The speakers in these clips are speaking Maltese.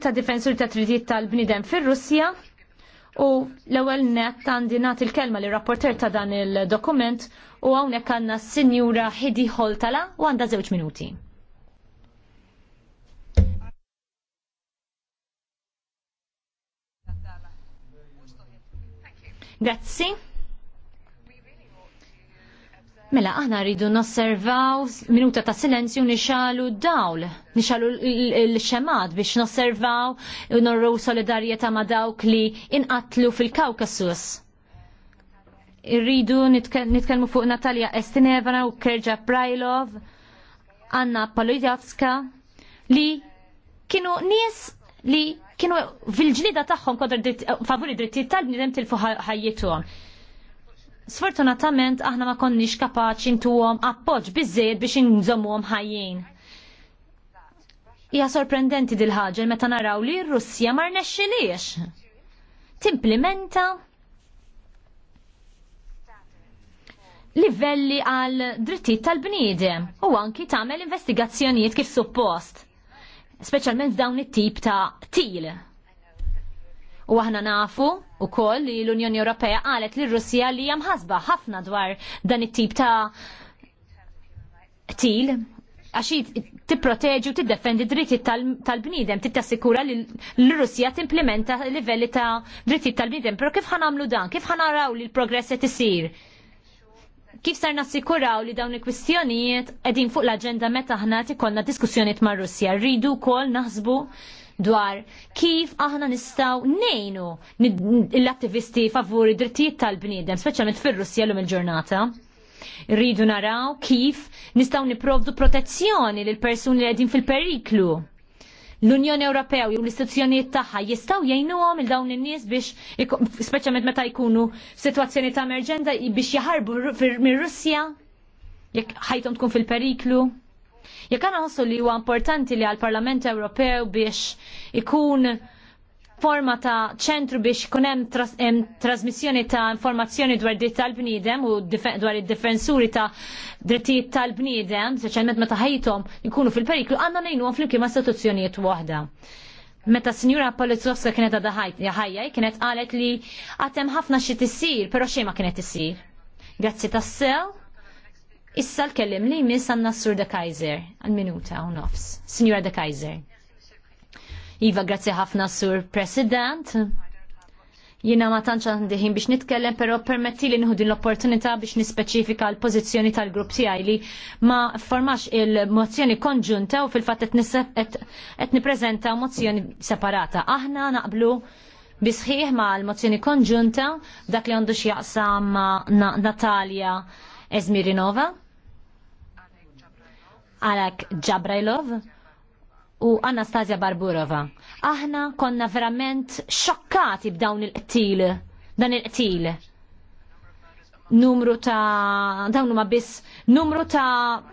ta' difensur ta' tridiet tal-bnidem fir-Russja u l-ewwel net għandi nagħti l kelma li rapporter ta' dan il-dokument u hawnhekk għandna s-Sinjura Hidi Holtala u għandha żewġ minuti. Grazzi. Mela, aħna rridu nosservaw minuta ta' silenzju nixalu dawl, nixalu l-xemad biex nosservaw u norru solidarieta ma' dawk li inqatlu fil-Kawkasus. Irridu nitkellmu fuq Natalja Estinevana u Kerja Prajlov, Anna Paludjavska, li kienu nies li kienu fil-ġlida tagħhom kontra favuri drittijiet tal-bniedem tilfu ħajjithom. Sfortunatament aħna ma konniex kapaċi ntuhom appoġġ biżżejjed biex inżommuhom ħajjin. Hija sorprendenti dil ħaġa meta naraw li r-Russja ma rnexxiliex. Timplimenta livelli għal drittijiet tal-bniedem u anki tagħmel investigazzjonijiet kif suppost. Speċjalment dawn it-tip ta' til. U aħna nafu u koll li l-Unjoni Ewropea qalet li Russija li hija mħasba ħafna dwar dan it-tip ta' til għaxi tipproteġi u tiddefendi dritti tal-bnidem, tittassikura li l-Russija timplementa livelli ta' dritti tal-bnidem. Pero kif ħanamlu dan? Kif ħanaraw li l-progress qed isir? Kif sar nassikuraw li dawn il-kwistjonijiet qegħdin fuq l agenda meta ħna ikollna diskussjonijiet mar-Russja? Rridu wkoll naħsbu dwar kif aħna nistaw nejnu l-attivisti favur id-drittijiet tal-bniedem, speċjalment fir-Russja l-lum il-ġurnata. Rridu naraw kif nistaw niprovdu protezzjoni l persuni li għedin fil-periklu. L-Unjoni Ewropew jew l-istituzzjonijiet tagħha jistgħu jgħinuhom il dawn in-nies biex speċjalment meta jkunu f'sitwazzjoni ta' emerġenza biex jaħarbu mir-Russja jekk ħajtom tkun fil-periklu. Jekk għana nħossu li huwa importanti li għal-Parlament Ewropew biex ikun forma ta' ċentru biex kunem trasmissjoni ta' informazzjoni dwar dritt tal-bniedem u dwar id-difensuri ta' drittijiet tal-bniedem, speċjalment meta ħajtom ikunu fil-periklu, għandna ngħinuhom flimkien ma' istituzzjonijiet waħda. Meta Sinjura Polizzowska kienet għadha ħajja, kienet qalet li għatem ħafna xi tissir, però xejn ma kienet issir. Grazzi tassew. Issa l-kellim li jmiss għan Nassur de Kaiser, għal-minuta u nofs. Signora de Kaiser. Iva, grazzi ħafna Sur President. Jina ma tantx għandihin biex nitkellem, però permetti li nħudin l-opportunità biex nispeċifika l-pożizzjoni tal-grupp tijaj li ma formax il-mozzjoni konġunta u fil-fatt qed nippreżenta mozzjoni separata. Aħna naqblu bisħiħ ma l-mozzjoni konġunta dak li għandu x'jaqsam ma Natalja Ezmirinova Alek Jabrailov u Anastasia Barburova. Aħna konna verament xokkati b'dawn il-qtil, dan il-qtil. Numru ta' dawn huma biss numru ta'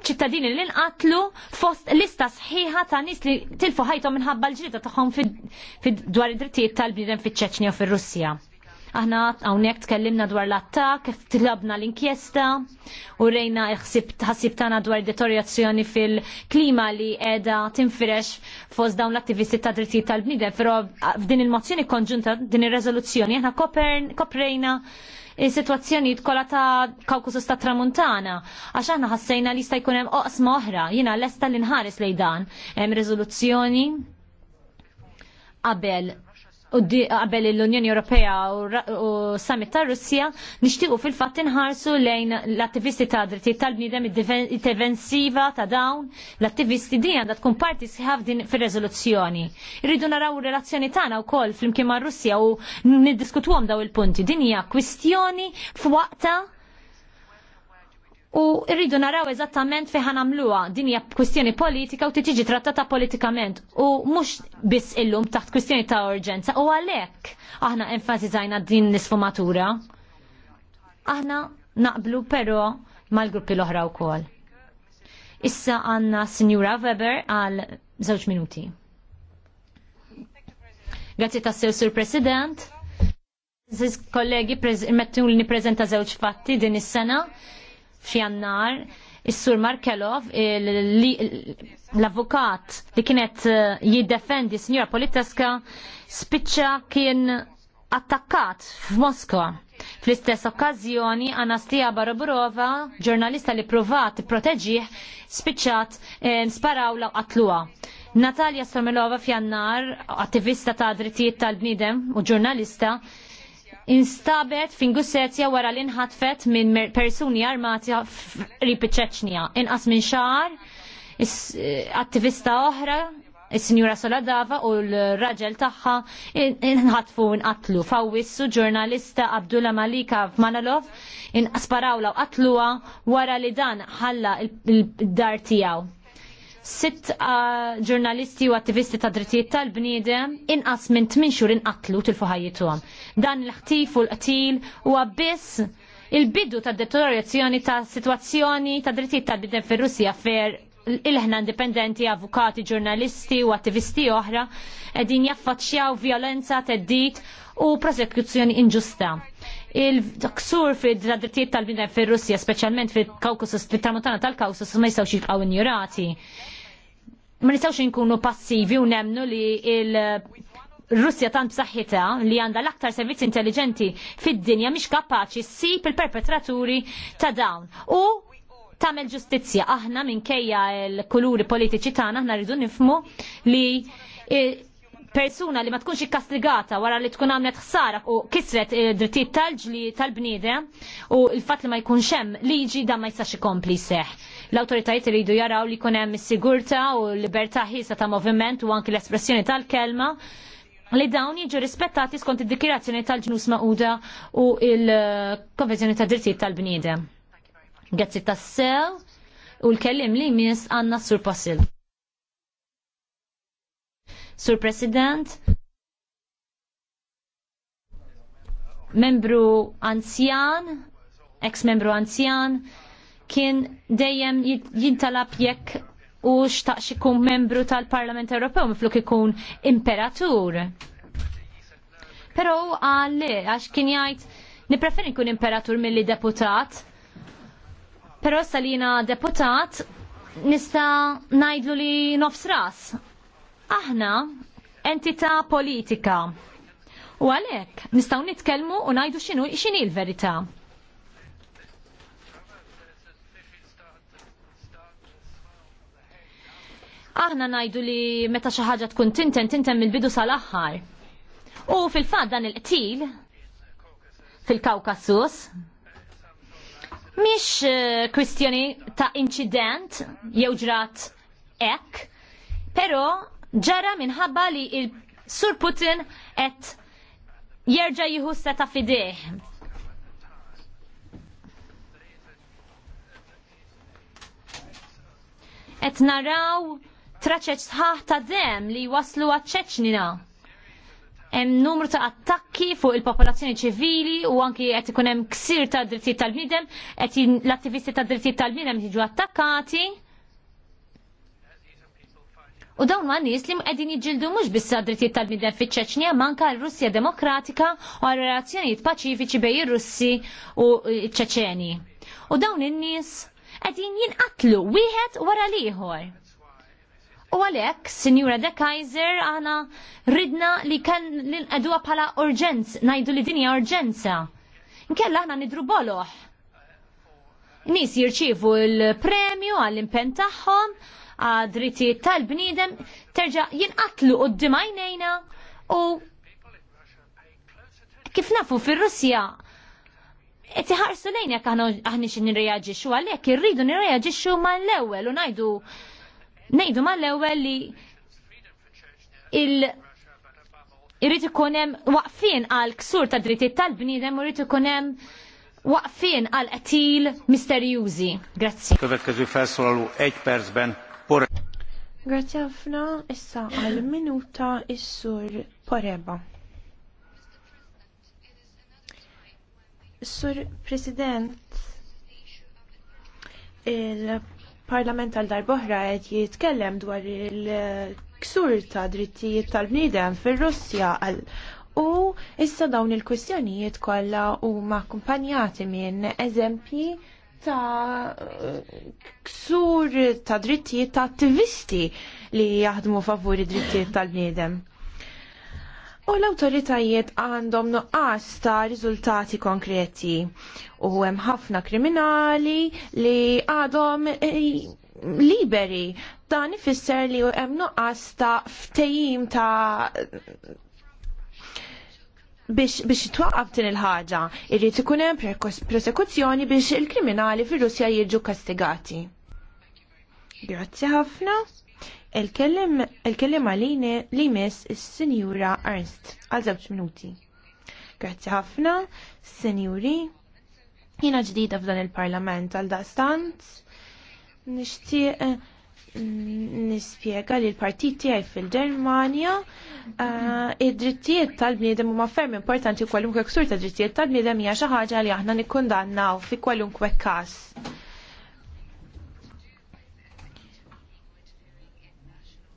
ċittadini li nqatlu fost lista sħiħa ta' nies li tilfu ħajtu minħabba l-ġrieda tagħhom dwar id-drittijiet tal-bniedem fiċ-Ċeċnja u fir-Russja. Aħna hawnhekk tkellimna dwar l-attak, tlabna l-inkjesta u rejna ħsib tagħna dwar deteriorazzjoni fil-klima li qiegħda tinfirex fost dawn l-attivisti ta' drittijiet tal bnidem però f'din il-mozzjoni konġunta, din ir rezoluzzjoni aħna koprejna il-situazzjoni tkola ta' Kawkusus ta' Tramuntana, għax aħna ħassejna li jista' jkun hemm oqsma oħra, jiena lesta l-inħares lejn dan, hemm riżoluzzjoni qabel u di qabel l-Unjoni Ewropea u Summit ta' Russija nixtiequ fil-fatt inħarsu lejn l-attivisti ta' dritti tal-bniedem id-defensiva ta' dawn l-attivisti di għandha tkun parti sħaf din fir-reżoluzzjoni. Irridu naraw relazzjoni tagħna wkoll flimkien ma' Russja u niddiskutuhom daw il-punti. Din hija kwistjoni f'waqta u rridu naraw eżattament fi ħanamluha din hija kwistjoni politika u tiġi trattata politikament u mhux biss illum taħt kwistjoni ta' urġenza u għalhekk aħna enfasizajna din l-isfumatura. Aħna naqblu però mal-gruppi l-oħra wkoll. Issa għanna Signora Weber għal żewġ minuti. Grazie tassew, Sur President. Ziz kollegi, permettu li żewġ fatti din is-sena f'jannar is-sur Markelov, l-avukat li kienet eh, jiddefendi s-Sinjora Politeska, spiċċa kien attakkat f'Moskwa. Fl-istess okkażjoni Anastija Baraburova, ġurnalista li provat proteġih, spiċċat eh, sparaw la qatluha. Natalja Somelova f'jannar, attivista ta' drittijiet tal-bnidem u ġurnalista, instabet fin Gussetja wara li nħatfet minn persuni armati rip ċeċnija. Inqas minn xar, attivista oħra, il sinjura Soladava u l-raġel tagħha inħatfu inqatlu. Fawissu ġurnalista Abdullah Malika Manalov inqasparawla u qatluha wara li dan ħalla il-dar tiegħu sitt ah, ġurnalisti u attivisti ta' drittijiet tal-bniedem inqas minn tmien xhur inqatlu til ħajjithom. Dan l ħtif u l-qtil huwa biss il-bidu ta' deteriorazzjoni ta' situazzjoni ta' drittijiet tal-bniedem fir-Russja fer il-ħna indipendenti, avukati, ġurnalisti u attivisti oħra edin jaffaċċjaw violenza, teddit u prosekuzzjoni inġusta il-ksur fil drittijiet tal-bnedem fir russja speċjalment fil-Kawkasus, fil-Tramuntana tal-Kawkasus, ma jistgħux jibqgħu injurati. Ma nistgħux jinkunu passivi u nemnu li il- Russja tant b'saħħitha li għandha l-aktar servizzi intelligenti fid-dinja mhix kapaċi ssib il-perpetraturi ta' dawn. U tagħmel ġustizzja aħna minkejja l-kuluri politiċi tagħna aħna rridu nifmu li persuna li ma tkunx ikkastigata wara li tkun għamlet ħsara u kisret eh, drittijiet tal-ġli tal-bniedem u l-fatt li ma jkunx hemm liġi dan ma jistax ikompli seħ. L-awtoritajiet iridu jaraw li jkun hemm is-sigurtà u l-libertà ħiesa ta' moviment u anki l-espressjoni tal-kelma li dawn jiġu rispettati skont id-dikirazzjoni tal-ġnus maquda u l-konvenzjoni ta' drittijiet tal-bniedem. Grazzi tas-sew u l-kellim li jmiss għandna sur Possil. Sur President, membru anzjan, ex-membru anzjan, kien dejjem jintalab jekk u xtaqx ikun membru tal-Parlament Ewropew mifluk ikun imperatur. Pero għalli, għax kien jgħid nipreferi nkun imperatur milli deputat. Pero salina deputat nista najdlu li nofs ras Aħna entità politika. U għalhekk nistgħu nitkellmu u ngħidu xinu x'inhi l-verità. Aħna ngħidu li meta xi ħaġa tkun tinten tinten mill-bidu sal-aħħar. U fil-fatt dan il-qtil fil-Kawkasus Mhix eh, kwistjoni ta' incident jew ġrat hekk, però ġara minħabba li il-Sur Putin qed jerġa' jieħu seta fideħ. Qed naraw traċeċ sħaħ ta' dem li waslu għacċeċnina. Em Hemm numru ta' attakki fuq il-popolazzjoni ċivili u anki qed ikun hemm ksir ta' drittijiet tal-bniedem, qed l-attivisti ta' drittijiet tal-bniedem jiġu attakkati. U dawn ma nies li qegħdin jiġġieldu mhux biss drittijiet tal-bniedem fiċ-Ċeċnija manka r-Russja Demokratika u relazzjonijiet paċifiċi bejn ir-Russi u ċeċeni. U dawn in-nies qegħdin jinqatlu wieħed wara l U għalek, Signora De Kaiser, għana ridna li kan l-għadua pala urġenz, najdu li dinja urġenza. Nkella għana nidru boloħ nis jirċivu l-premju għall-impen tagħhom għad-drittijiet tal-bniedem terġa' jinqatlu qudiem għajnejna u kif nafu fir-Russja qed iħarsu lejn jekk aħna xi nirreaġixxu għalhekk irridu nirreaġixxu mal-ewwel u ngħidu ngħidu mal-ewwel li il irrid ikun hemm waqfien għal ksur ta' drittijiet tal-bniedem u rrid ikun hemm Waqfien għal qatil misterjużi. Grazzi. Következő felszólaló egy percben. Grazzi ħafna issa għal minuta issur sur Poreba. Sur President, il-Parlament għal darboħra qed jitkellem dwar il-ksur ta' drittijiet tal-bniedem fir-Russja għal U issa dawn il-kwistjonijiet kollha huma akkumpanjati minn eżempji ta' ksur ta' drittijiet ta' attivisti li jaħdmu favuri drittijiet tal-bniedem. U l-autoritajiet għandhom nuqqas ta' riżultati konkreti. U hemm ħafna kriminali li għadhom eh, liberi. Dan ifisser li hemm nuqqas ta' ftejim ta' biex biex twaqqaf din il-ħaġa, irrid ikun hemm prosekuzzjoni biex il-kriminali fir-Russja jiġu kastigati. Grazzi ħafna. Il-kellim għalini li mis is-Sinjura Ernst għal żewġ minuti. Grazzi ħafna, Sinjuri. Jiena ġdida f'dan il-Parlament għal daqstant. Nixtieq nispjega li l-partit tiegħi fil-Ġermanja uh, id-drittijiet tal-bniedem huma ferm importanti kwalunkwe ksur ta' drittijiet tal-bniedem hija xi ħaġa li aħna nikkundannaw fi kwalunkwe każ.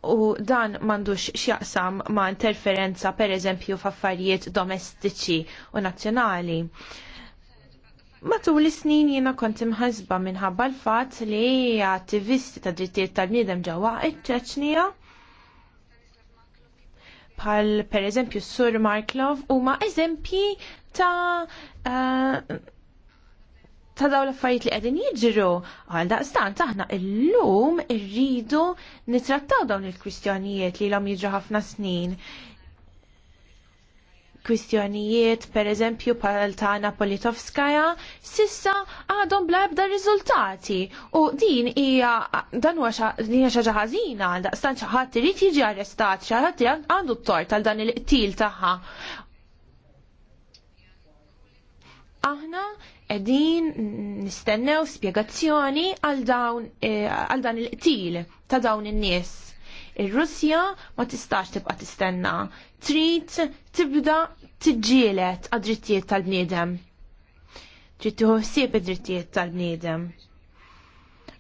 U dan mandux x'jaqsam ma' interferenza pereżempju f'affarijiet domestiċi u nazzjonali. Matul is-snin jiena kont imħasba minħabba l-fatt li attivisti ta' drittijiet tal-bniedem ġewwa iċċeċnija bħal per eżempju Sur Marklov huma eżempji ta' eh, ta' daw l-affarijiet li qegħdin jiġru għal daqstant aħna illum irridu nitrattaw dawn il-kwistjonijiet li l hom jiġru ħafna snin kwistjonijiet per eżempju pal tana Politowskaja sissa għadhom bla ebda riżultati u din hija dan huwa din xi ħażina għal daqstan xi ħadd irid jiġi arrestat xi ħadd għandu t-tort għal dan il-qtil tagħha. Aħna qegħdin nistennew spjegazzjoni għal dawn eh, għal dan il-qtil ta' dawn in-nies. Ir-Russja ma tistax tibqa' tistenna. Trid tibda tiġġielet għad-drittijiet tal-bniedem. Trid tieħu ħsieb id-drittijiet tal-bniedem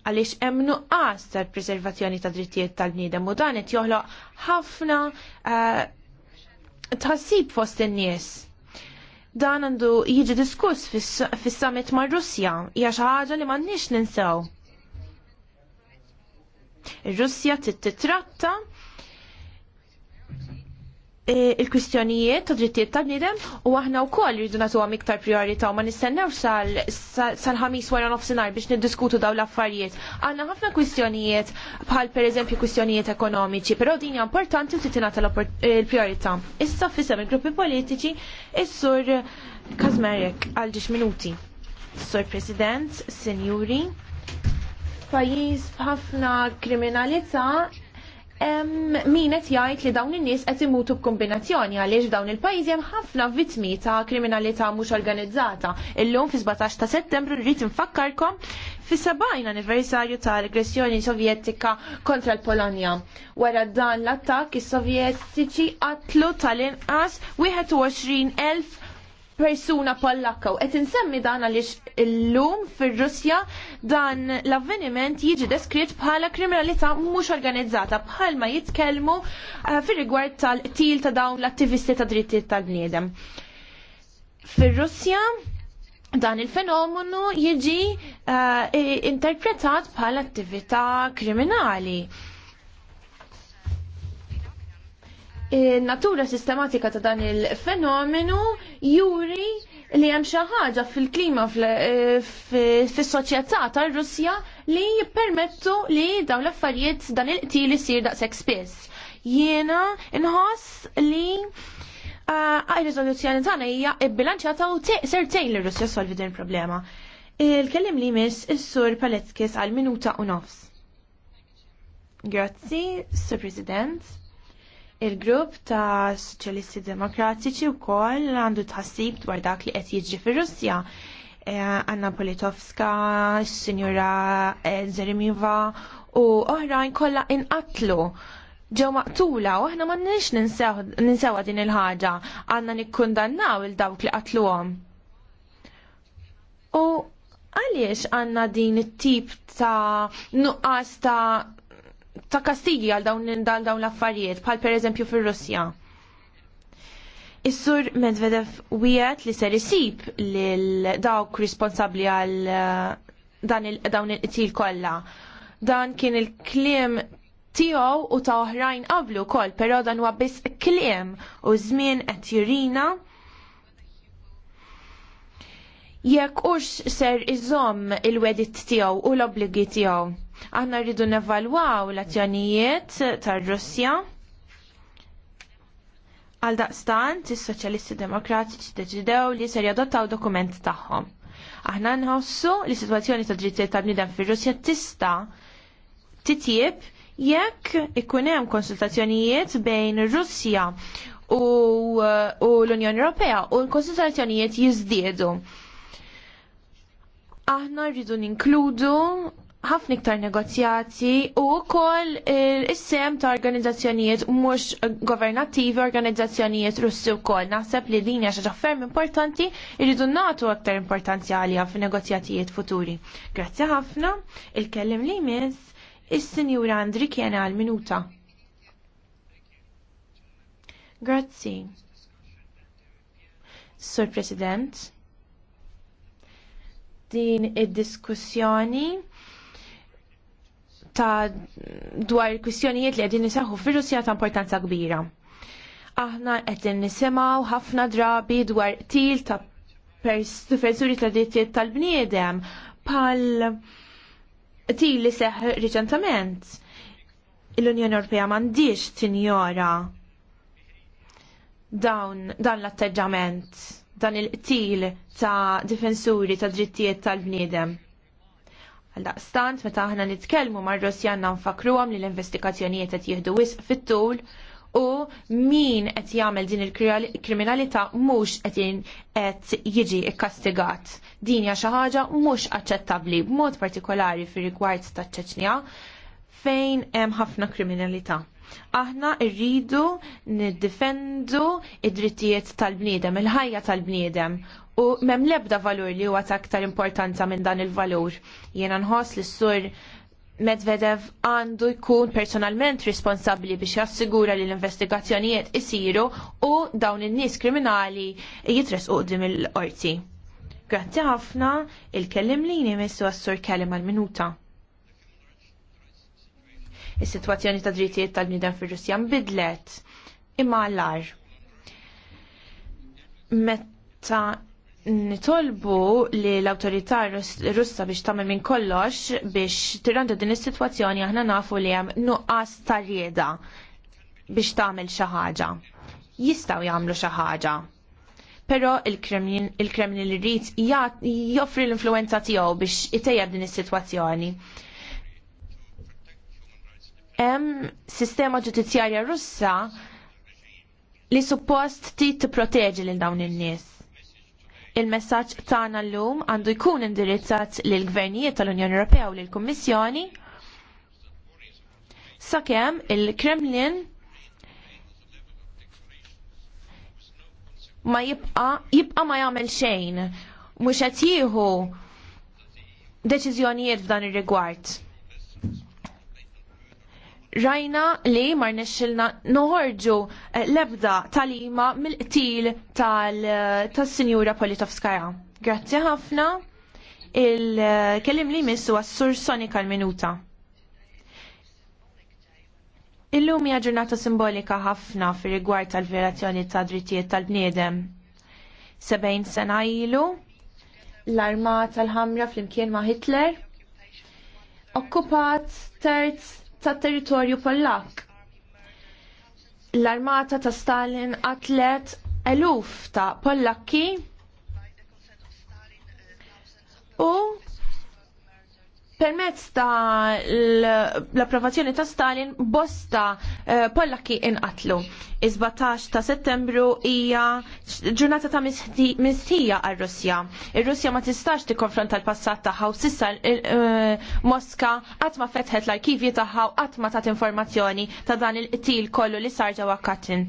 għaliex hemm nuqqas tal-preservazzjoni ta' drittijiet tal-bniedem u dan qed joħloq ħafna eh, tħassib fost in-nies. Dan għandu jiġi diskuss fis-summit mar Russja hija xi ħaġa li m'għandniex ninsew. Ir-Russja titratta e, il-kwistjonijiet ta' drittijiet ta' bniedem u aħna wkoll natu nagħtuhom iktar priorità u ma nistennew sal-ħamis wara nofsinhar biex niddiskutu dawn l-affarijiet. Għandna ħafna kwistjonijiet bħal pereżempju kwistjonijiet ekonomiċi, però din hija importanti u titinata l priorita Issa fissem il-gruppi politiċi is-sur Kazmerek għal ġiex minuti. Sur President, Sinjuri, f'pajjiż f'ħafna kriminalità min qed jgħid li dawn in-nies qed imutu b'kombinazzjoni għaliex dawn il-pajjiż hemm ħafna vittmi ta' kriminalità mhux organizzata. Illum fi 17 ta' Settembru rrid infakkarkom fis sabajn anniversarju tal-aggressjoni sovjetika kontra l-Polonja. Wara dan l-attakk is-Sovjetiċi qatlu tal-inqas 21,000 persuna pollakka u qed insemmi dan għaliex lum fil russja dan l-avveniment jiġi deskritt bħala kriminalità mhux organizzata bħalma jitkellmu uh, fir-rigward tal-qtil ta' dawn l-attivisti ta' drittijiet tal-bniedem. Fir-Russja dan il-fenomenu jiġi uh, interpretat bħala attività kriminali natura sistematika ta' dan il-fenomenu juri li hemm xi ħaġa fil-klima eh, fis-soċjetà tar-Russja li jippermettu li dawn l-affarijiet dan il-qtil isir daqshekk spiss. Jiena inħoss li eh, għaj riżoluzzjoni tagħna hija bbilanċjata u ser tgħin lir russja solvi din il-problema. Il-kellim li miss is-sur Paletskis għal minuta u nofs. Grazzi, Sir President. Il-grupp ta' Soċjalisti Demokratiċi wkoll għandu tħassib dwar dak li qed jiġri fir-Russja. Eh, Anna Politowska, Sinjura eh, Zeremiva u oħrajn kollha inqatlu ġew maqtula u aħna m'għandniex ninsewa din il-ħaġa għandna nikkundannaw il dawk li qatluhom. U għaliex għandna din it-tip ta' nuqqas ta' ta' kastigi għal dawn dawn l-affarijiet, bħal pereżempju fir russja Is-sur Medvedev wiet li ser isib lil dawk responsabbli għal eh, dan dawn il-qtil kollha. Dan kien il-kliem tiegħu u ta' oħrajn qablu wkoll, però dan huwa biss kliem u żmien qed jurina jekk hux ser iżomm il-wedit tiegħu u l-obbligi tiegħu. Aħna rridu nevalwaw l-azzjonijiet tar-Russja għal daqstant is-Soċjalisti Demokratiċi deċidew li ser jadottaw dokument tagħhom. Aħna nħossu li sitwazzjoni ta' drittijiet tal-bniedem fir-Russja tista' titjieb jekk ikun hemm konsultazzjonijiet bejn Russja u, l-Unjoni Ewropea u l-konsultazzjonijiet jiżdiedu. Aħna rridu ninkludu ħafna iktar negozjati u wkoll is-sem ta' organizzazzjonijiet mhux governattivi organizzazzjonijiet russi wkoll. Naħseb li din hija xi ferm importanti irridu nagħtu aktar importanzjali għalija f'negozjatijiet futuri. Grazzi ħafna, il-kellim li mis is-Sinjura Andri kiena għal minuta. Grazzi. Sur President, din id-diskussjoni ta' dwar kwistjonijiet li qegħdin nisaħu fil russja ta' importanza kbira. Aħna qegħdin nisimaw ħafna drabi dwar til ta' difensuri ta' drittijiet tal-bniedem pal til li seħ riċentament. L-Unjoni Ewropea m'għandix tinjora dawn dan l-atteġġament, dan il-qtil ta' difensuri ta' drittijiet tal-bniedem. Għaldaqstant, meta aħna nitkellmu mar-Russjan nfakruhom li l-investigazzjonijiet qed jieħdu wisq fit-tul u min qed jagħmel din il-kriminalità mhux qed jiġi kkastigat. Din hija xi ħaġa mhux aċċettabbli b'mod partikolari fir rigward taċ-Ċeċnija fejn hemm ħafna kriminalità. Aħna rridu niddifendu id-drittijiet tal-bniedem, il-ħajja tal-bniedem u mem lebda valur li huwa ta' aktar importanza minn dan il-valur. Jiena nħoss li s-sur Medvedev għandu jkun personalment responsabli biex jassigura li l-investigazzjonijiet isiru u dawn in-nies kriminali jitres qudiem il-qorti. Grazzi ħafna il-kellim li jnimissu għas-sur kellim għal-minuta. Is-sitwazzjoni ta' drittijiet tal bnidem fir-Russja nbidlet imma għallar. Meta nitolbu li l-autorità russa biex tagħmel minn kollox biex tirrandu din is-sitwazzjoni aħna nafu li hemm nuqqas ta' rieda biex tagħmel xi ħaġa. Jistgħu jagħmlu xi ħaġa. Però il-Kremlin il rit joffri l-influenza tiegħu biex itejjeb din is-sitwazzjoni. Hemm sistema ġudizzjarja Russa li suppost tit tipproteġi lil dawn in-nies. Il-messaġġ tagħna llum għandu jkun indirizzat lill gvernijiet tal-Unjoni Ewropea u lill-Kummissjoni sakemm il-Kremlin ma jibqa jibqa ma jagħmel xejn mhux qed jieħu deċiżjonijiet f'dan ir-rigward rajna li mar nexxilna noħorġu eh, lebda talima mill-qtil tal-Sinjura eh, Politovskaja. Grazzi ħafna. Il-kellim eh, li missu għas-sur Sonika l-minuta. Illum hija ġurnata simbolika ħafna fir rigward tal-violazzjoni ta' drittijiet tal-bniedem. 70 sena ilu l-armata l-ħamra flimkien ma' Hitler okkupat terz tat-territorju Pollak. L-armata ta' Stalin atlet eluf ta' Pollakki u Permezz ta' l-approvazzjoni ta' Stalin bosta Pollaki eh, Pollakki inqatlu. Iż-17 ta' settembru hija ġurnata ta' mistija għal russja Ir-Russja ma tistax tikkonfronta l-passat tagħha u sissa eh, eh, Moska qatt ma fetħet l-arkivji tagħha u qatt ma tat informazzjoni ta' dan il-qtil kollu li sar ġewwa Katin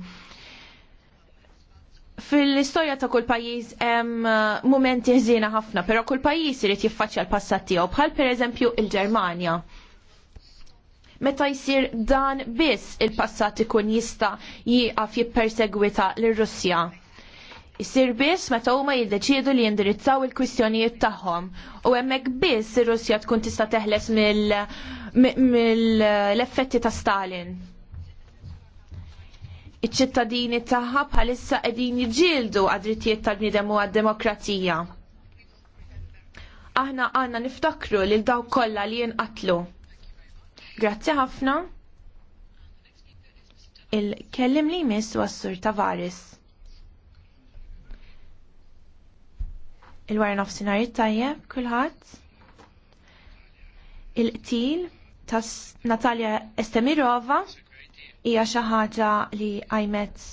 fil-istorja ta' kull pajjiż hemm uh, mumenti ħżiena ħafna, però kull pajjiż irid jiffaċċja l-passat tiegħu bħal pereżempju il-Ġermanja. Meta jsir dan biss il-passat ikun jista' jieqaf jippersegwita lir-Russja. Isir biss meta huma jiddeċiedu li jindirizzaw il-kwistjonijiet tagħhom u hemmhekk biss ir-Russja tkun tista' teħles mill-effetti ta' Stalin iċ-ċittadini tagħha bħalissa qegħdin jiġġieldu għad-drittijiet tal-bniedem u għad-demokrazija. Aħna għandna niftakru lil dawk kollha li jinqatlu. Grazzi ħafna. Il-kellim li jmiss was-Sur Tavares. Il-wara nofsinhar tajjeb kulħadd. Il-qtil tas Natalja Estemirova hija xi ħaġa li għajmet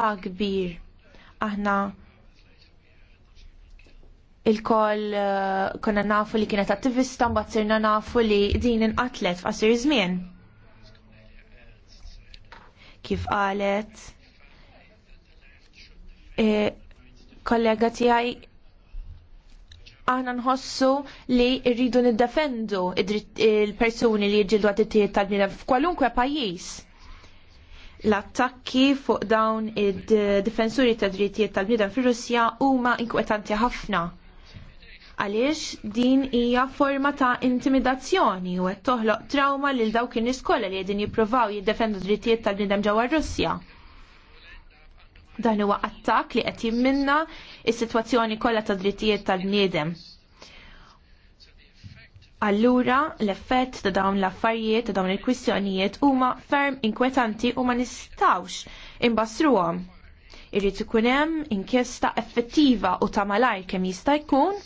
A kbir. Aħna il-koll eh, konna nafu li kienet attivista mbagħad sirna nafu li din inqatlet f'qasir żmien. Kif qalet e, kollega tiegħi aħna nħossu li rridu niddefendu il-persuni li jġildu għat-tiet tal-bnidem f'kwalunkwe pajjiż l-attakki fuq dawn id-difensuri ta' drittijiet tal-bniedem fir-Russja huma inkwetanti ħafna għaliex din hija forma ta' intimidazzjoni u qed toħloq trauma lil dawk in kollha li qegħdin jippruvaw jiddefendu drittijiet tal-bniedem ġewwa Russja. Dan huwa attakk li qed jimminna is-sitwazzjoni kollha ta' drittijiet tal-bniedem. Allura, l-effett ta' dawn l-affarijiet, ta' dawn il-kwistjonijiet huma ferm inkwetanti u ma nistawx imbassruhom. Irrid ikun hemm inkjesta effettiva u ta' malajr kemm jista' jkun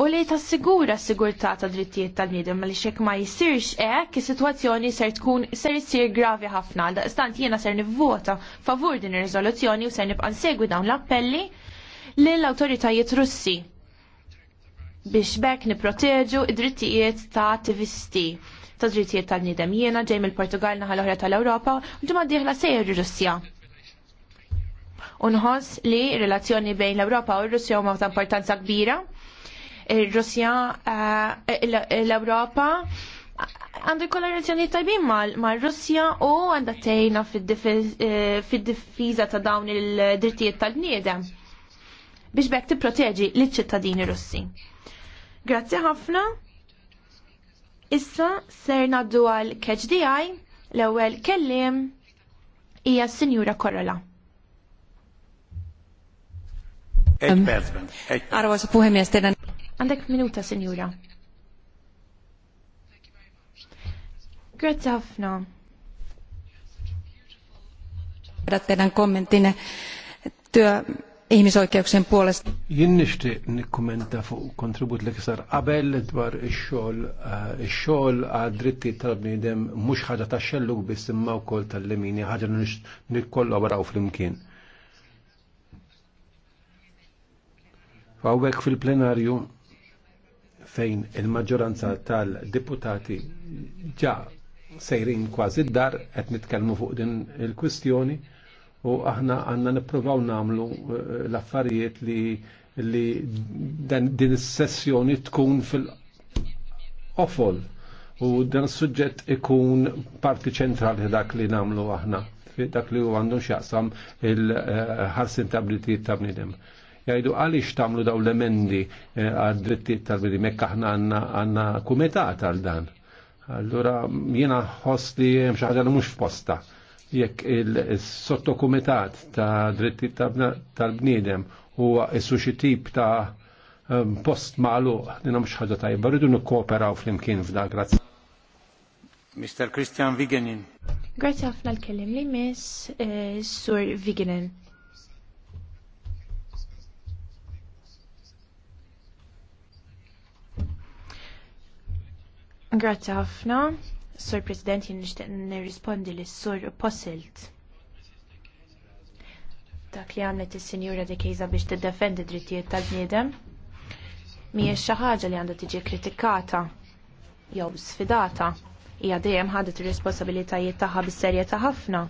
u li tassigura s-sigurtà ta' drittijiet tal-bniedem li xek ma jisirx hekk is-sitwazzjoni ser tkun ser issir gravi ħafna. Daqstant jiena ser nivvota favur din ir-riżoluzzjoni u ser nibqa' segwi dawn l-appelli lill-awtoritajiet Russi biex bekk niprotegġu id-drittijiet ta' attivisti ta' drittijiet tal-nidem. Jiena ġej mill-Portugal naħa l-oħra tal-Ewropa u diħla sejr r Russja. Unħos li relazzjoni bejn l-Ewropa u r-Russja huma ta' importanza kbira. russja eh, l-Ewropa għandu jkollha relazzjoni tajbin mal russja u għandha tgħinha fid diffiża eh, ta' dawn il-drittijiet tal-bniedem biex bekk tipproteġi liċ-ċittadini Russi. Grazie ħafna. Issa ser naddu għal KHDI l-ewwel kellim hija Sinjura Korola. Um, Arvoisa puhemies, teidän... Għandek minuta, sinjura. Grazie ħafna. Teidän kommenttinne ihmisoikeuksien puolesta. Jien nixtieq nikkumenta fuq kontribut li kisar qabel dwar ix-xogħol eh, ix-xogħol għad dritti tal-bniedem mhux ħaġa ta' xelluk biss imma wkoll tal-lemini ħaġa waraw flimkien. Fawwek fil-plenarju fejn il-maġġoranza tal-deputati ġa sejrin kważi d-dar qed nitkellmu fuq din il-kwistjoni. il kwistjoni u aħna għanna nippruvaw namlu eh, l-affarijiet li li din is-sessjoni tkun fil ofol u dan suġġett ikun parti ċentrali dak li namlu aħna dak li għandu xaqsam il-ħarsin tabliti ta' bnidem jgħidu għaliex tagħmlu daw l-emendi eh, għad-drittijiet tal-bidi mekk aħna għandna kumitat għal dan. Allura jiena ħoss li hemm xi ħaġa li mhux f'posta jekk il-sottokumitat ta' dritti tal-bniedem huwa issu xi tip ta' um, post magħluq din xi ħaġa tajba rridu nikkooperaw flimkien f'dan grazzi. Mr. Christian Vigenin. Grazzi ħafna l-kellim li miss eh, Sur Vigenin. Grazzi ħafna. Sur President, jien nixtieq nirrispondi lis sur Posselt. Dak li għamlet is-Sinjura De Kejza biex tiddefendi drittijiet tal-bniedem mhijiex xi ħaġa li għandha tiġi kritikata jew sfidata. Hija dejjem ħadet ir-responsabilitajiet tagħha bis-serjetà ħafna.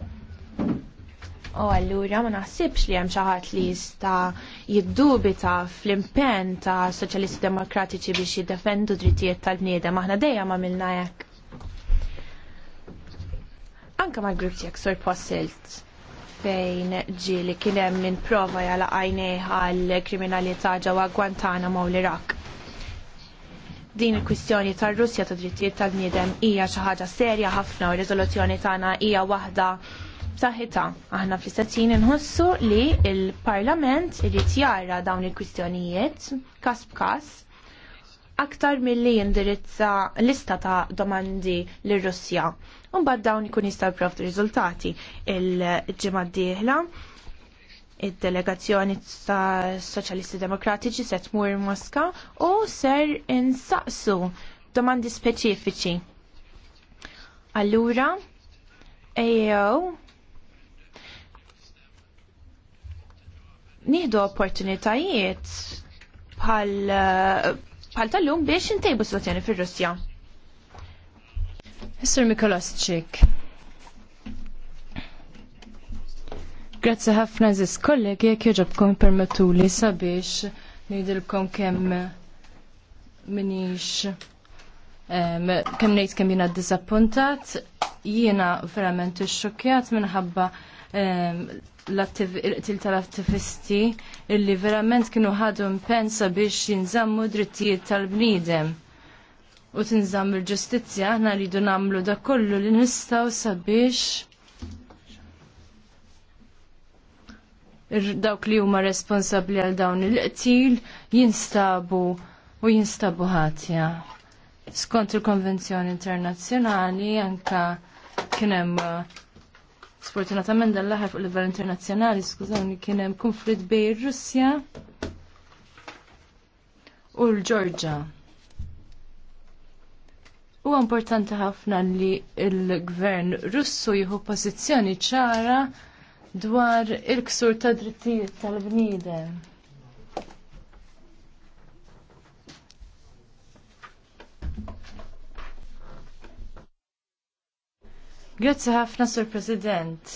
U allura ma naħsibx li hemm xi ħadd li jista' jiddubita fl-impenn ta' Soċjalisti Demokratiċi biex jiddefendu drittijiet tal-bniedem aħna dejjem għamilna hekk anka mal grupp tiegħek sur posilt fejn ġieli kien hemm minn prova jala għajne għal kriminalità ġewwa Guantanamo u l-Iraq. Din il-kwistjoni tar-Russja ta' drittijiet tal-bniedem hija xi ħaġa serja ħafna u r-riżoluzzjoni tagħna hija waħda b'saħħitha. Aħna fl-istazzjoni nħossu li l-Parlament irid jara dawn il-kwistjonijiet każ -kas, aktar milli jindirizza lista ta' domandi lir russja Unbad dawn ikun jista' jprovdu riżultati il-ġimgħa d-dieħla id-delegazzjoni ta' Soċjalisti Demokratiċi se tmur Moska u ser insaqsu domandi speċifiċi. Allura, ejjew nieħdu opportunitajiet bħal bħal tal-lum biex intejbu situazzjoni fir-Russja. Mr. Mikolasczyk. Grazzi ħafna ziz kollegi jekk joġobkom permettu li sabiex ngħidilkom kemm minix kemm ngħid kemm jiena ddiżappuntat, jiena verament xokjat minħabba Ehm, l tal-attivisti illi verament kienu ħadu pensa biex jinżammu drittijiet tal-bniedem u tinżammu l ġustizzja aħna rridu nagħmlu da kollu li nistaw sabiex dawk li huma responsabbli għal dawn il-qtil jinstabu u jinstabu ħatja. Skont il-Konvenzjoni Internazzjonali anka kien hemm Sfortunatament dal-laħar fuq livell internazzjonali, skużawni, kien hemm konflitt bej ir-Russja u l-Ġorġa. Huwa importanti ħafna li l-gvern Russu jieħu pożizzjoni ċara dwar il-ksur ta' drittijiet tal-bniedem. Grazzi ħafna, Sur President.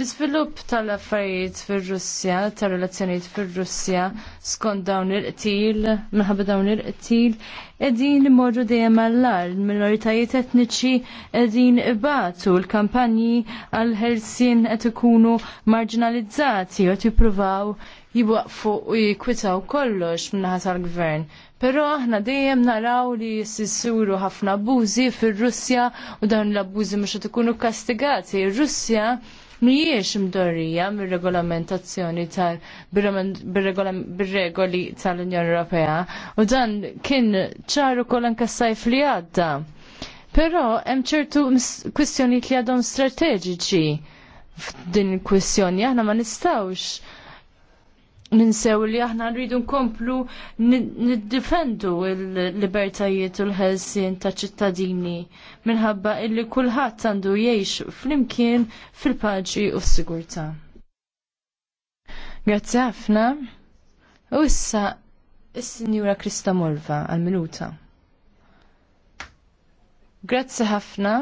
L-iżvilupp tal-affarijiet fir-Russja, tal-relazzjonijiet fir-Russja skont dawn il-qtil, minħabba dawn il-qtil, qegħdin imorru dejjem għall minoritajiet etniċi qegħdin ibatu l-kampanji għal ħelsien qed ikunu marginalizzati u qed jippruvaw jibwaqfu u jikwitaw kollox minnaħat tal-gvern. Pero aħna dejjem naraw li jissuru ħafna abbużi fir-Russja u dawn l-abbużi mhux qed ikunu kastigati. Ir-Russja mhijiex mdorrija mir-regolamentazzjoni tal-regoli tal-Unjoni Ewropea u dan kien ċaru kol anke sajf li għadda. Però hemm ċertu kwistjonijiet li għadhom strateġiċi f'din il-kwistjoni aħna ma nistawx ninsew li aħna rridu nkomplu niddifendu l-libertajiet u l-ħelsien ta' ċittadini minħabba illi kulħadd għandu jgħix flimkien fil-paċi u s-sigurtà. Grazzi ħafna. U issa is-Sinjura Krista Morva għal-minuta. Grazzi ħafna.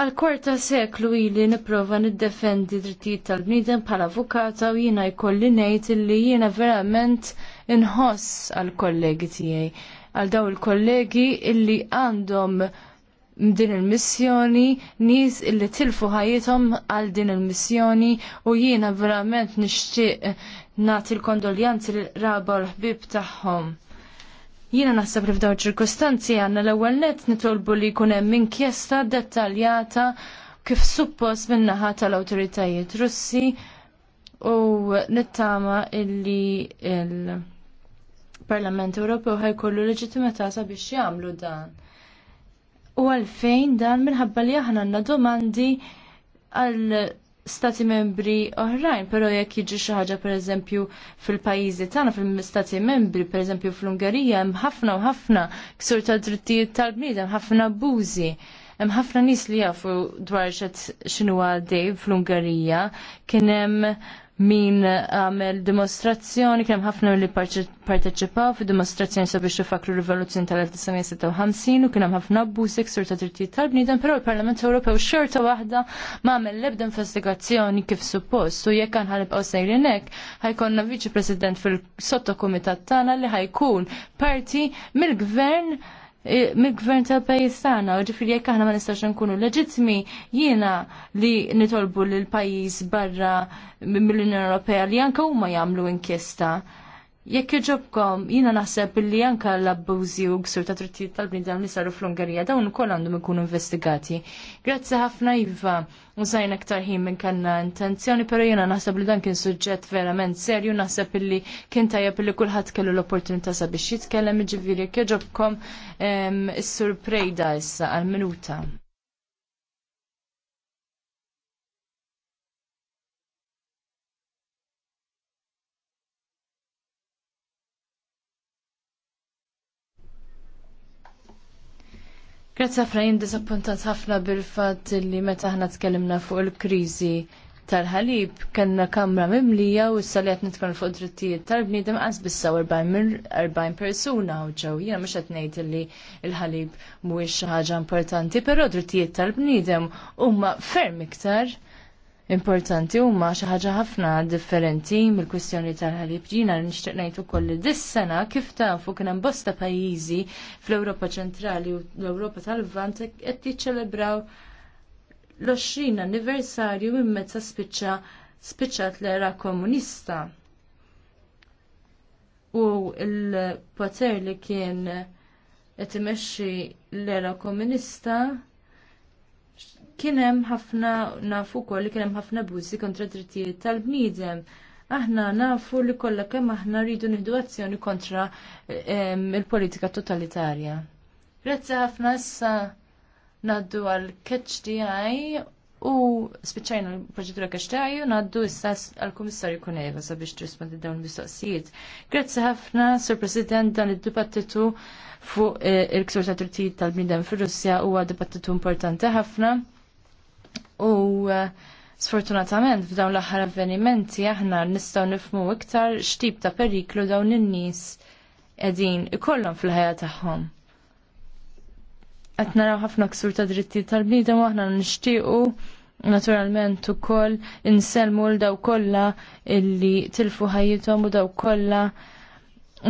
Għal kwarta seklu ili niprofa niddefendi drittijiet tal-bniedem bħala avukata u jiena jkolli ngħid illi jiena verament inħoss għal kollegi tiegħi għal daw il-kollegi illi għandhom din il-missjoni nies illi tilfu ħajjithom għal din il-missjoni u jiena verament nixtieq nagħti l-kondoljanzi l-raba l-ħbib tagħhom. Jiena naħseb li fdaw ċirkostanzi għandna l-ewwel nett nitolbu li jkun hemm inkjesta dettaljata kif suppost min-naħa tal-awtoritajiet Russi u nittama illi il parlament Ewropew ħajkollu leġitimità sabiex jagħmlu dan. U għalfejn dan minħabba li aħna għandna domandi għal stati membri oħrajn, pero jekk jiġi xi ħaġa pereżempju fil-pajjiżi tagħna fil-stati membri, pereżempju fl-Ungerija, hemm ħafna u ħafna ksur ta' drittijiet tal-bniedem, ħafna abbużi. Hemm ħafna nies li jafu dwar xed x'inhuwa għaddej fl-Ungerija, kien hemm min għamel dimostrazzjoni, kem ħafna li parteċipaw fi dimostrazzjoni sabiex ifakru rivoluzzjoni tal-1956 u kienem ħafna abbuż iksur ta' drittijiet tal-bniedem, però l-Parlament Ewropew xorta waħda ma għamel l-ebda investigazzjoni kif suppost u jekk għan ħanibqaw sejrin hekk ħajkonna viċi president fil-sottokumitat tagħna li ħajkun parti mill-gvern mil gvern tal-pajjiż tagħna, ġifieri jekk aħna ma nistax nkunu leġitmi jiena li nitolbu lill pajjiż barra mill-Unjoni Ewropea li anke huma jagħmlu inkjesta Jekk iġobkom, jina naħseb li anka l-abbużi u gsur ta' trittijiet tal-bnidem li saru fl-Ungerija dawn ukoll għandhom ikunu investigati. Grazzi ħafna Iva, użajn aktar ħin minn kanna intenzjoni, pero jina naħseb li dan kien suġġett verament serju, naħseb li kien tajjeb li kulħadd kellu l-opportunità sabiex jitkellem, ġifieri jekk iġobkom ehm, s surprejda issa għal-minuta. Grazzi ħafna disappuntat ħafna bil-fatt li meta aħna tkellimna fuq il-kriżi tal-ħalib kellna kamra mimlija u issa li qed fuq drittijiet tal-bniedem qas bissa 40 persuna u ġew. Jiena mhux qed ngħid li l-ħalib mhuwiex xi ħaġa importanti, però drittijiet tal-bniedem huma ferm iktar importanti huma xi ħaġa ħafna differenti mill-kwistjoni tal-ħalib ġina li nixtieq ngħid ukoll li dis-sena kif tafu kien hemm bosta pajjiżi fl-Ewropa ċentrali u l-Ewropa tal-Lvant qed jiċċelebraw l-20 anniversarju minn mezza spiċċa spiċċat l-era komunista. U l-poter li kien qed imexxi l-era komunista Kienem ħafna, nafu kol li kienem ħafna abbużi kontra drittijiet tal bniedem Aħna nafu li kollha kemm aħna rridu nieħdu azzjoni kontra ehm, il-politika totalitarja. Grazzi ħafna issa naddu għal catch DI u spiċċajna l-proġettura catch DI u naddu issa għal kummissarju Kuneva sabiex trispondi dawn mistoqsijiet. Grazzi ħafna, Sir President, dan id-dibattitu fuq eh, il-ksur ta' Drittijiet tal-bnidem fir-Russja huwa dibattitu importanti ħafna. U eh, sfortunatament f'dawn l-aħħar avvenimenti aħna nistgħu nifhmu iktar x'tip ta' periklu dawn in-nies qegħdin ikollhom fil-ħajja tagħhom. Qed naraw ħafna ksur ta' dritti tal-bniedem u aħna nixtiequ naturalment ukoll insellmu l daw kollha illi tilfu ħajjithom u daw kollha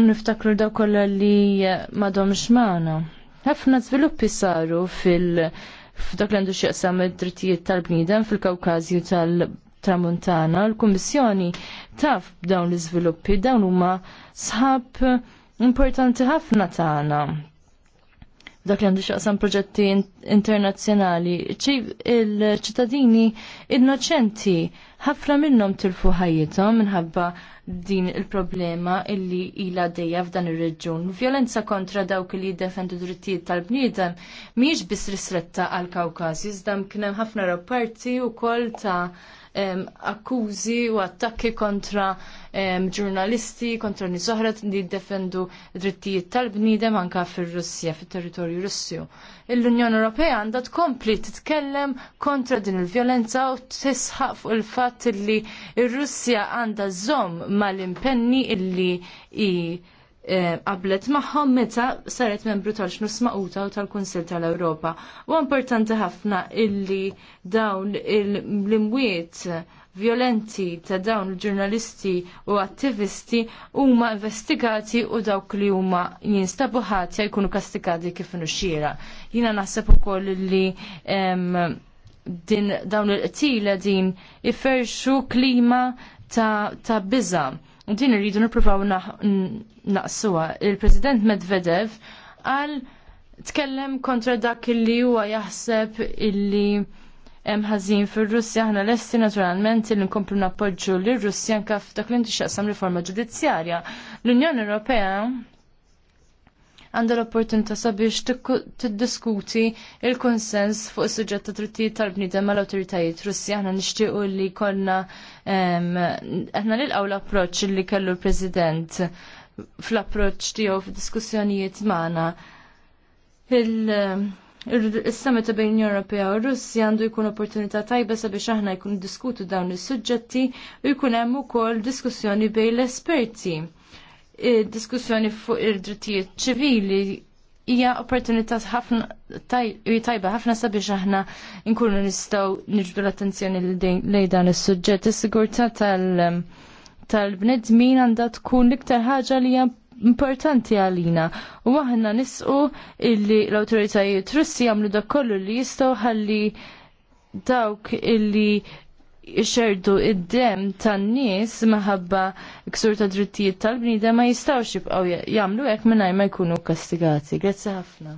niftakru daw kollha li eh, m'għadhomx magħna. Ħafna żviluppi saru fil- f'dak l-għandu xieqsam id-drittijiet tal bnidem fil-Kawkazju tal-Tramuntana, l-Kummissjoni taf dawn l-iżviluppi dawn huma sħab importanti ħafna tagħna dak li għandu xaqsam proġetti internazzjonali. Il-ċittadini innoċenti ħafna minnhom tilfu ħajjithom minħabba din il-problema illi ila dejja f'dan ir-reġjun. Violenza kontra dawk li jiddefendu drittijiet tal-bniedem mhijiex biss ristretta għal Kawkaż, iżda kien hemm ħafna rapporti wkoll ta' akkużi u attakki kontra ġurnalisti, kontra nisoħra li jiddefendu drittijiet tal-bniedem anka fir russija fit-territorju Russju. L-Unjoni Ewropea għandha tkompli titkellem kontra din il-vjolenza u tisħaq fuq il-fatt li r-Russja għandha żomm mal-impenni illi i Eh, qablet magħhom meta saret membru tal-ċnus smaquta u tal-Kunsil tal-Ewropa. U importanti ħafna illi dawn l-imwiet violenti ta' dawn il-ġurnalisti u attivisti huma investigati u dawk li huma jinstabu ħatja jkunu kastikati kif nuxxira. Jina naħseb ukoll li din dawn il-qtila din iferxu klima ta', ta biża' din iridu nippruvaw naqsuha. Il-President Medvedev qal tkellem kontra dak li huwa jaħseb illi hemm ħażin fir-Russja aħna lesti naturalment li nkomplu nappoġġu lir russja nkaf dak li ntixaqsam riforma ġudizzjarja. L-Unjoni Ewropea għandha l-opportunità sabiex tiddiskuti il-konsens fuq is-suġġett ta' trittijiet tal-bniedem mal-awtoritajiet Russi. Aħna nixtiequ li konna aħna nilqgħu l-approċċ li kellu l-President fl-approċċ tiegħu f'diskussjonijiet magħna. Il- Is-summit bejn Ewropea u Russja għandu jkun opportunità tajba sabiex aħna jkun diskutu dawn is-suġġetti u jkun hemm ukoll diskussjoni bejn l-esperti diskussjoni fuq il drittijiet ċivili hija opportunità ħafna tajba ħafna sabiex aħna nkunu nistgħu niġbdu l-attenzjoni lejn dan is-suġġett. Is-sigurtà tal- tal-bnedmin għandha tkun l-iktar ħaġa li hija importanti għalina. U aħna nisqu illi l-awtoritajiet Russi jagħmlu dak kollu li jistgħu ħalli dawk illi ixerdu id-dem tan-nies maħabba ksur ta' drittijiet tal bnida ma jistgħux jibqgħu jagħmlu hekk mingħajr ma jkunu kastigati. Grazzi ħafna.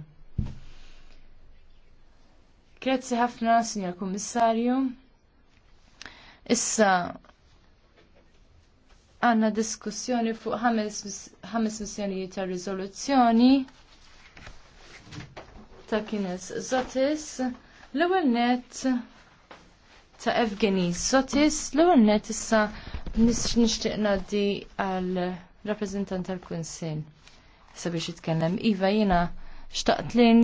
Grazzi ħafna, signor Kummissarju. Issa għanna diskussjoni fuq ħames missjonijiet ta' riżoluzzjoni ta' kienes Zotis. L-ewwel net ta' Evgeni Sotis, l-għonnet issa nishtiq naddi għal rappresentant tal-Kunsin. Sabiex jitkellem, Iva jina xtaqt